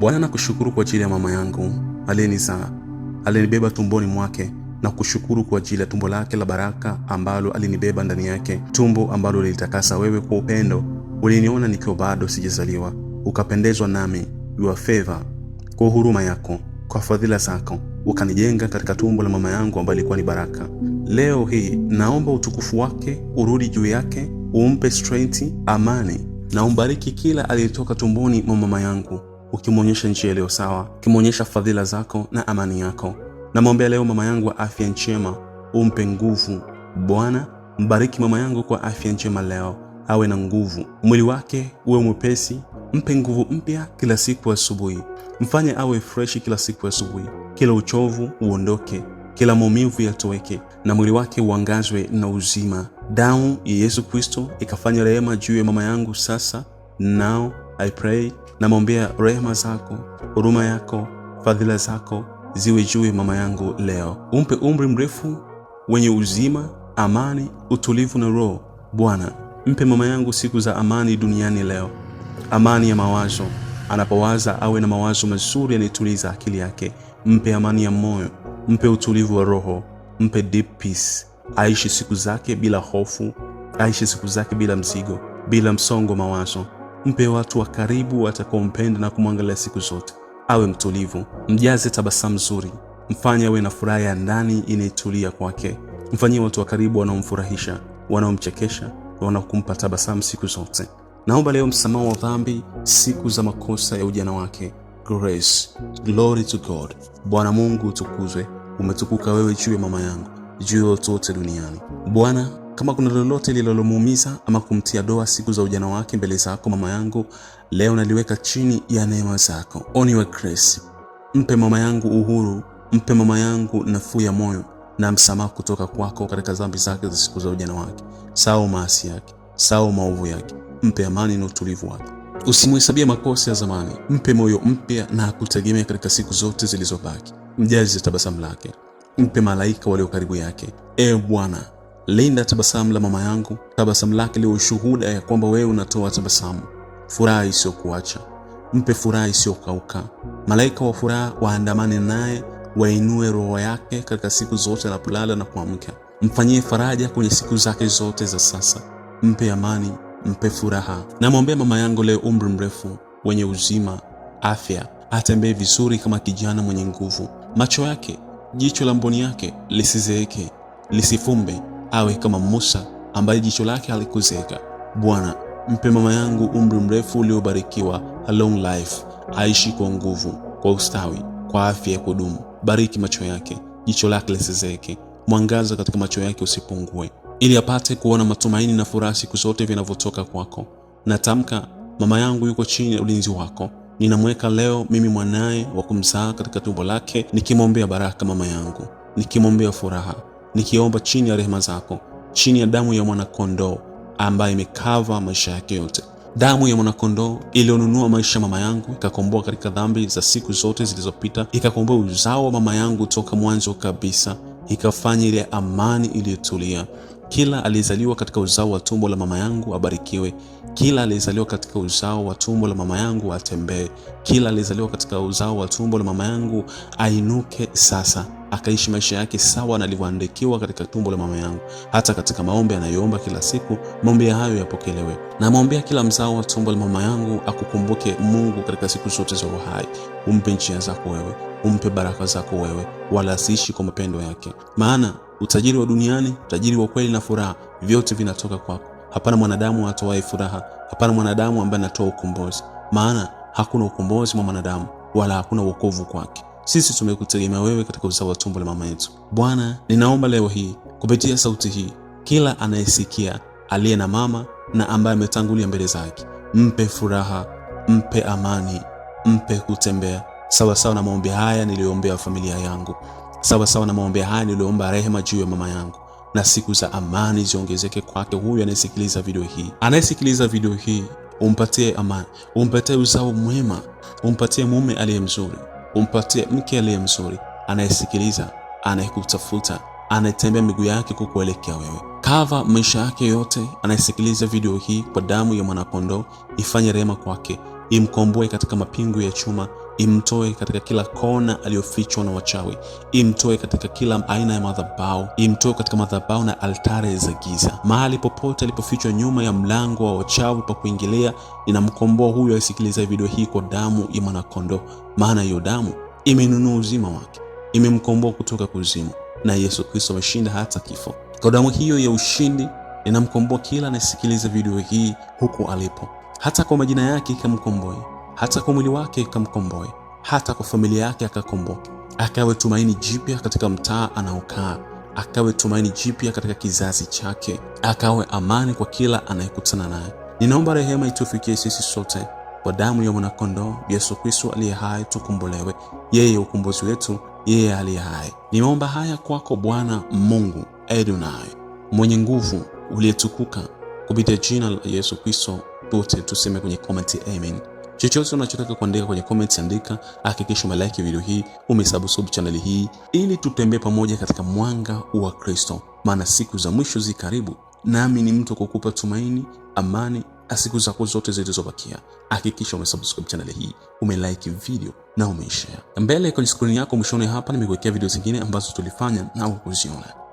Bwana, nakushukuru kwa ajili ya mama yangu aliyenizaa, alinibeba tumboni mwake na kushukuru kwa ajili ya tumbo lake la baraka ambalo alinibeba ndani yake, tumbo ambalo lilitakasa. Wewe kwa upendo uliniona nikiwa bado sijazaliwa, ukapendezwa nami your favor, kwa huruma yako, kwa fadhila zako ukanijenga katika tumbo la mama yangu ambayo ilikuwa ni baraka. Leo hii naomba utukufu wake urudi juu yake, umpe strength, amani na umbariki kila aliyetoka tumboni mwa mama yangu ukimwonyesha njia iliyo sawa, ukimwonyesha fadhila zako na amani yako. Namwombea leo mama yangu wa afya njema, umpe nguvu Bwana. Mbariki mama yangu kwa afya njema leo, awe na nguvu, mwili wake uwe mwepesi, mpe nguvu mpya kila siku asubuhi, mfanye awe freshi kila siku asubuhi, kila uchovu uondoke, kila maumivu yatoweke, na mwili wake uangazwe na uzima. Damu ya Yesu Kristo ikafanya rehema juu ya mama yangu sasa nao I namwombea rehema zako, huruma yako, fadhila zako ziwe juu mama yangu leo. Umpe umri mrefu wenye uzima, amani, utulivu na roho. Bwana, mpe mama yangu siku za amani duniani leo, amani ya mawazo. Anapowaza awe na mawazo mazuri yanayotuliza akili yake. Mpe amani ya moyo, mpe utulivu wa roho, mpe deep peace. Aishi siku zake bila hofu, aishi siku zake bila mzigo, bila msongo mawazo. Mpe watu wa karibu watakaompenda na kumwangalia siku zote. Awe mtulivu, mjaze tabasamu zuri, mfanye awe na furaha ya ndani inayotulia kwake. Mfanyie watu wa karibu wanaomfurahisha, wanaomchekesha, wanaokumpa tabasamu siku zote. Naomba leo msamaha wa dhambi, siku za makosa ya ujana wake. Grace, glory to God. Bwana Mungu utukuzwe, umetukuka wewe juu ya mama yangu, juu ya watu wote duniani. Bwana kama kuna lolote lilolomuumiza ama kumtia doa siku za ujana wake mbele zako, mama yangu, leo naliweka chini ya neema zako. with Grace, mpe mama yangu uhuru, mpe mama yangu nafuu ya moyo na msamaha kutoka kwako katika dhambi zake za siku za ujana wake, sawa maasi yake, sawa maovu yake. Mpe amani na utulivu wake, Usimuhesabie makosa ya zamani. Mpe moyo mpya na akutegemea katika siku zote zilizobaki. Mjazi tabasamu lake, mpe malaika walio karibu yake. E Bwana, Linda tabasamu la mama yangu, tabasamu lake liwe ushuhuda ya kwamba wewe unatoa tabasamu, furaha isiyokuacha. Mpe furaha isiyokauka. Malaika wa furaha waandamane naye, wainue roho yake katika siku zote anapolala na kuamka. Mfanyie faraja kwenye siku zake zote za sasa, mpe amani, mpe furaha. Namwombea mama yangu leo umri mrefu wenye uzima, afya, atembee vizuri kama kijana mwenye nguvu. Macho yake, jicho la mboni yake lisizeeke, lisifumbe awe kama Musa ambaye jicho lake halikuzeka. Bwana, mpe mama yangu umri mrefu uliobarikiwa, a long life, aishi kwa nguvu, kwa ustawi, kwa afya ya kudumu. Bariki macho yake, jicho lake lisizeke, mwangaza katika macho yake usipungue, ili apate kuona matumaini na furaha siku zote vinavyotoka kwako. Natamka, mama yangu yuko chini ya ulinzi wako. Ninamweka leo mimi mwanaye wa kumzaa katika tumbo lake, nikimwombea baraka mama yangu, nikimwombea furaha nikiomba chini ya rehema zako, chini ya damu ya mwanakondoo ambaye imekava maisha yake yote, damu ya mwanakondoo iliyonunua maisha mama yangu, ikakomboa katika dhambi za siku zote zilizopita, ikakomboa uzao wa mama yangu toka mwanzo kabisa, ikafanya ile amani iliyotulia kila aliyezaliwa katika uzao wa tumbo la mama yangu abarikiwe. Kila aliyezaliwa katika uzao wa tumbo la mama yangu atembee. Kila aliyezaliwa katika uzao wa tumbo la mama yangu ainuke sasa akaishi maisha yake sawa na alivyoandikiwa katika tumbo la mama yangu. Hata katika maombi anayoomba kila siku, maombi hayo yapokelewe. Namwombea kila mzao wa tumbo la mama yangu akukumbuke Mungu katika siku zote za uhai, umpe njia zako wewe, umpe baraka zako wewe, wala asiishi kwa mapendo yake maana utajiri wa duniani, utajiri wa kweli na furaha, vyote vinatoka kwako. Hapana mwanadamu atoae furaha, hapana mwanadamu ambaye anatoa ukombozi, maana hakuna ukombozi mwa mwanadamu wala hakuna wokovu kwake. Sisi tumekutegemea wewe katika uzao wa tumbo la mama yetu. Bwana, ninaomba leo hii kupitia sauti hii, kila anayesikia aliye na mama na ambaye ametangulia mbele zake, mpe furaha, mpe amani, mpe kutembea sawasawa na maombi haya niliyoombea familia yangu sawasawa na maombi haya niliomba rehema juu ya mama yangu na siku za amani ziongezeke kwake. Huyu anayesikiliza video hii, anayesikiliza video hii, umpatie amani, umpatie uzao mwema, umpatie mume aliye mzuri, umpatie mke aliye mzuri, anayesikiliza, anayekutafuta, anayetembea miguu yake kukuelekea wewe. Kava maisha yake yote, anayesikiliza video hii kwa damu ya mwanakondoo. Ifanye rehema kwake, imkomboe katika mapingu ya chuma imtoe katika kila kona aliyofichwa na wachawi, imtoe katika kila aina ya madhabahu, imtoe katika madhabahu na altare za giza, mahali popote alipofichwa nyuma ya mlango wa wachawi pa kuingilia. Ninamkomboa huyo aisikiliza video hii kwa damu ya mwanakondoo, maana hiyo damu imenunua uzima wake, imemkomboa kutoka kuzimu, na Yesu Kristo ameshinda hata kifo. Kwa damu hiyo ya ushindi ninamkomboa kila anayesikiliza video hii huko alipo, hata kwa majina yake ikamkomboe hata kwa mwili wake ikamkomboe, hata kwa familia yake akakomboke, akawe tumaini jipya katika mtaa anaokaa, akawe tumaini jipya katika kizazi chake, akawe amani kwa kila anayekutana naye. Ninaomba rehema itufikie sisi sote kwa damu ya mwanakondoo Yesu Kristo aliye hai, tukombolewe. Yeye ukombozi wetu, yeye aliye hai. Nimeomba haya kwako Bwana Mungu Adonai, mwenye nguvu, uliyetukuka, kupitia jina la Yesu Kristo. tote tuseme kwenye komenti amen. Chochote unachotaka kuandika kwenye comments andika. Hakikisha umelike video hii, umesubscribe channel hii ili tutembee pamoja katika mwanga wa Kristo, maana siku za mwisho zi karibu. Nami ni mtu kukupa tumaini, amani na siku zako zote zilizobakia. Hakikisha umesubscribe channel hii, umelike video na umeshare. Mbele kwenye skrini yako mwishoni hapa nimekuwekea video zingine ambazo tulifanya na hukuziona.